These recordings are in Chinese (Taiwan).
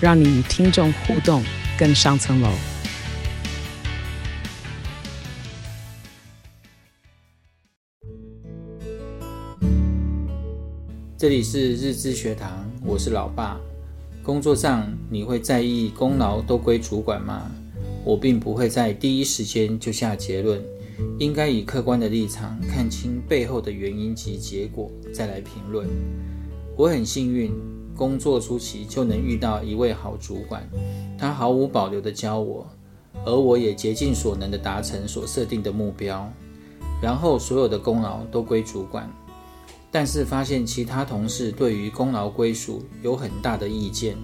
讓你與聽眾互動更上層樓。這裡是日資學堂，我是老爸。工作上你會在意功勞都歸主管嗎？我並不會在第一時間就下結論，應該以客觀的立場看清背後的原因及結果再來評論。我很幸運。工作初期就能遇到一位好主管，他毫無保留地教我，而我也竭盡所能地達成所設定的目標，然後所有的功勞都歸主管。但是發現其他同事對於功勞歸屬有很大的意見，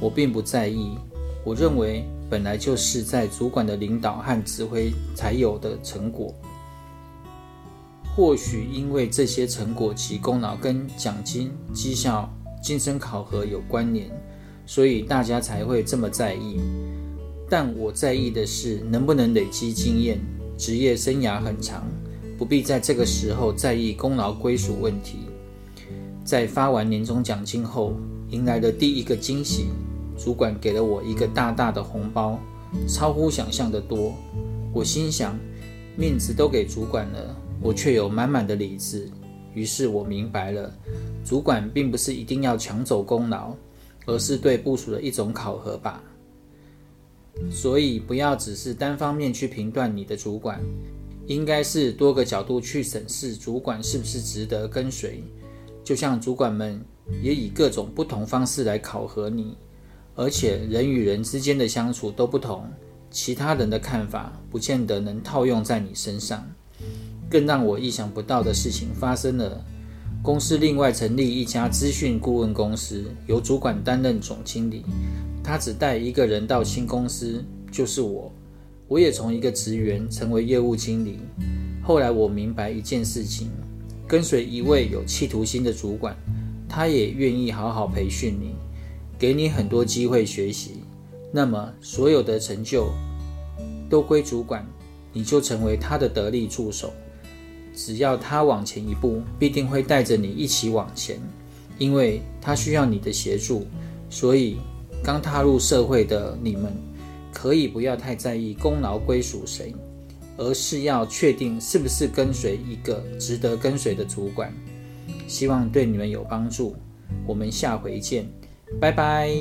我並不在意。我認為本來就是在主管的領導和指揮才有的成果。或許因為這些成果，其功勞跟獎金、績效、晉升考核有關聯，所以大家才會這麼在意。但我在意的是能不能累積經驗，職業生涯很長，不必在這個時候在意功勞歸屬問題。在發完年終獎金後，迎來了第一個驚喜，主管給了我一個大大的紅包，超乎想象的多。我心想，面子都給主管了，我卻有滿滿的裡子。於是我明白了。主管並不是一定要搶走功勞，而是對部屬的一種考核吧。所以不要只是單方面去評斷你的主管，應該是多個角度去審視主管是不是值得跟隨。就像主管們也以各種不同方式來考核你，而且人與人之間的相處都不同，其他人的看法不見得能套用在你身上。更讓我意想不到的事情發生了。公司另外成立一家資訊顧問公司，由主管擔任總經理。他只帶一個人到新公司，就是我。我也從一個職員成為業務經理。後來我明白一件事情：跟隨一位有企圖心的主管，他也願意好好培訓你，給你很多機會學習。那麼所有的成就都歸主管，你就成為他的得力助手。只要他往前一步，必定會帶着你一起往前，因為他需要你的協助。所以，剛踏入社會的你們，可以不要太在意功勞歸屬誰，而是要確定是不是跟隨一個值得跟隨的主管。希望對你們有幫助。我們下回見，拜拜。